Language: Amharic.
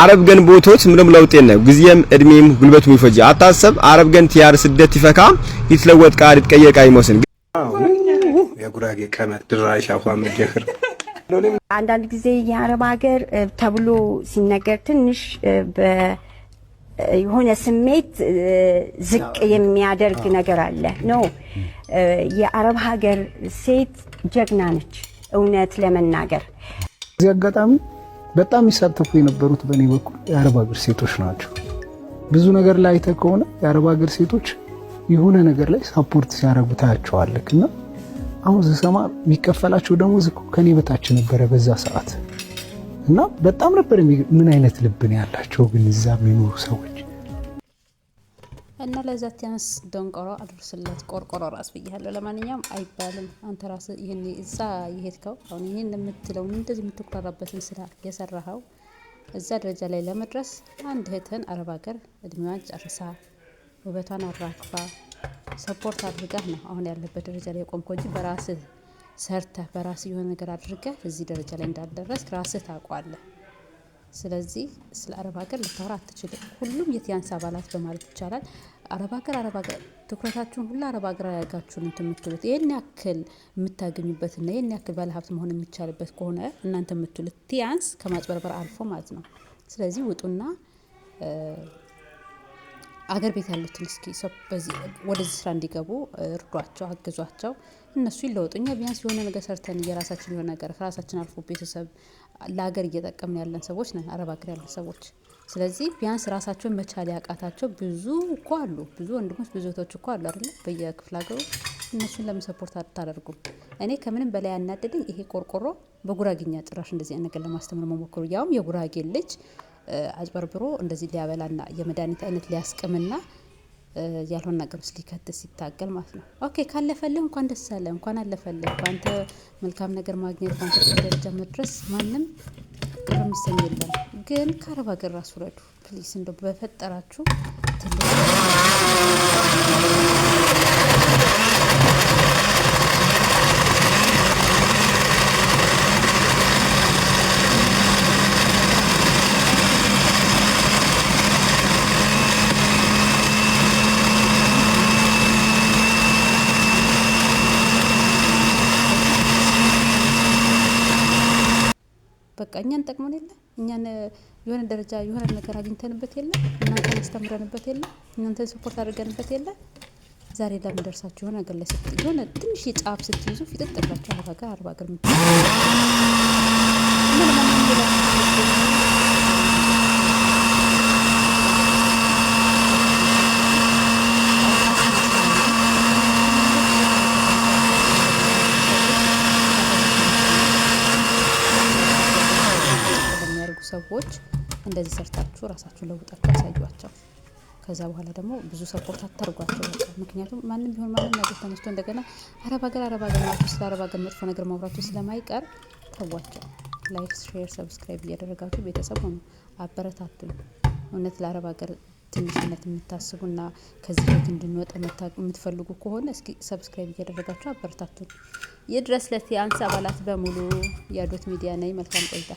አረብ ገን ቦቶች ምንም ለውጥ የለም። ጊዜም እድሜም ጉልበቱም ይፈጅ አታሰብ። አረብ ገን ቲያር ስደት ይፈካ ይትለወጥ ቃል ይትቀየር ቃል ይመስል የጉራጌ ቀመት ድራሽ አፏ መደፍር አንዳንድ ጊዜ የአረብ ሀገር ተብሎ ሲነገር ትንሽ የሆነ ስሜት ዝቅ የሚያደርግ ነገር አለ። ኖ የአረብ ሀገር ሴት ጀግና ነች፣ እውነት ለመናገር እዚህ አጋጣሚ በጣም ይሳተፉ የነበሩት በእኔ በኩል የአረብ ሀገር ሴቶች ናቸው። ብዙ ነገር ላይ አይተህ ከሆነ የአረብ ሀገር ሴቶች የሆነ ነገር ላይ ሳፖርት ሲያደርጉ ታያቸዋለህ እና አሁን ስሰማ የሚከፈላቸው ደሞዝ እኮ ከኔ በታች ነበረ በዛ ሰዓት እና በጣም ነበር። ምን አይነት ልብን ያላቸው ግን እዛ የሚኖሩ ሰዎች እና ለዛ ቲያንስ ደንቆሮ አድርስለት ቆርቆሮ ራስ ብያለሁ። ለማንኛውም አይባልም። አንተ ራስ ይህን እዛ የሄድከው አሁን ይህን የምትለውን እንደዚህ የምትኩራራበትን ስራ የሰራኸው እዛ ደረጃ ላይ ለመድረስ አንድ እህትህን አረብ ሀገር እድሜዋን ጨርሳ ውበቷን አራክፋ ሰፖርት አድርጋህ ነው አሁን ያለበት ደረጃ ላይ የቆምከው እንጂ በራስህ ሰርተህ በራስህ የሆነ ነገር አድርገህ እዚህ ደረጃ ላይ እንዳልደረስ ራስህ ታውቋለህ። ስለዚህ ስለ አረብ ሀገር ልታወራ አትችልም። ሁሉም የቲያንስ አባላት በማለት ይቻላል አረብ ሀገር አረብ ሀገር ትኩረታችሁን ሁሉ አረብ ሀገር ያጋችሁን የምትሉት ይህን ያክል የምታገኙበትና ይህን ያክል ባለሀብት መሆን የሚቻልበት ከሆነ እናንተ የምትሉት ቲያንስ ከማጭበርበር አልፎ ማለት ነው። ስለዚህ ውጡና አገር ቤት ያሉትን እስኪ ወደዚህ ስራ እንዲገቡ እርዷቸው፣ አግዟቸው። እነሱ ይለወጡ። እኛ ቢያንስ የሆነ ነገር ሰርተን የራሳችን የሆነ ነገር ከራሳችን አልፎ ቤተሰብ ለሀገር እየጠቀምን ያለን ሰዎች ነን፣ አረብ ሀገር ያለን ሰዎች። ስለዚህ ቢያንስ ራሳቸውን መቻል ያቃታቸው ብዙ እኮ አሉ፣ ብዙ ወንድሞች ብዙ እህቶች እኮ አሉ አይደለ? በየክፍለ ሀገሩ እነሱን ለምን ሰፖርት አታደርጉም? እኔ ከምንም በላይ ያናደደኝ ይሄ ቆርቆሮ በጉራጌኛ ጭራሽ እንደዚህ ነገር ለማስተምር መሞክሩ ያውም የጉራጌ ልጅ አጭበርብሮ እንደዚህ ሊያበላና የመድኃኒት አይነት ሊያስቅምና ያልሆነ ነገር ውስጥ ሊከት ሲታገል ማለት ነው። ኦኬ ካለፈልህ እንኳን ደስ ያለ እንኳን አለፈልህ፣ በአንተ መልካም ነገር ማግኘት፣ በአንተ ደረጃ መድረስ ማንም ቅር የሚሰኝ የለም። ግን ከአረብ ሀገር ራሱ ረዱ ፕሊስ፣ እንደ በፈጠራችሁ ትልቅ በቃ እኛን ጠቅመን የለ እኛን የሆነ ደረጃ የሆነ ነገር አግኝተንበት የለ እናንተን አስተምረንበት የለ እናንተን ስፖርት አድርገንበት የለ ዛሬ ለምን ደርሳችሁ የሆነ ነገር ላይ ስት የሆነ ትንሽ የጫፍ ስትይዙ ፊጥጥ ብላችሁ አረብ ሀገር አረብ ሀገር ምት ሰዎች እንደዚህ ሰርታችሁ ራሳችሁን ለውጣችሁ ያሳዩዋቸው። ከዛ በኋላ ደግሞ ብዙ ሰፖርት አታርጓቸው። በቃ ምክንያቱም ማንም ቢሆን ማንም ነገር ተነስቶ እንደገና አረብ ሀገር አረብ ሀገር ማለቱ ስለ አረብ ሀገር መጥፎ ነገር ማውራቱ ስለማይቀር ተዋቸው። ላይክ፣ ሼር፣ ሰብስክራይብ እያደረጋችሁ ቤተሰብ ሆኑ፣ አበረታቱኝ። እውነት ለአረብ ሀገር ትንሽነት የምታስቡና ከዚህ ህይወት እንድንወጣ የምትፈልጉ ከሆነ እስኪ ሰብስክራይብ እያደረጋችሁ አበረታቱን። ይድረስ ለቴ አንስ አባላት በሙሉ የአዶት ሚዲያ ነኝ። መልካም ቆይታ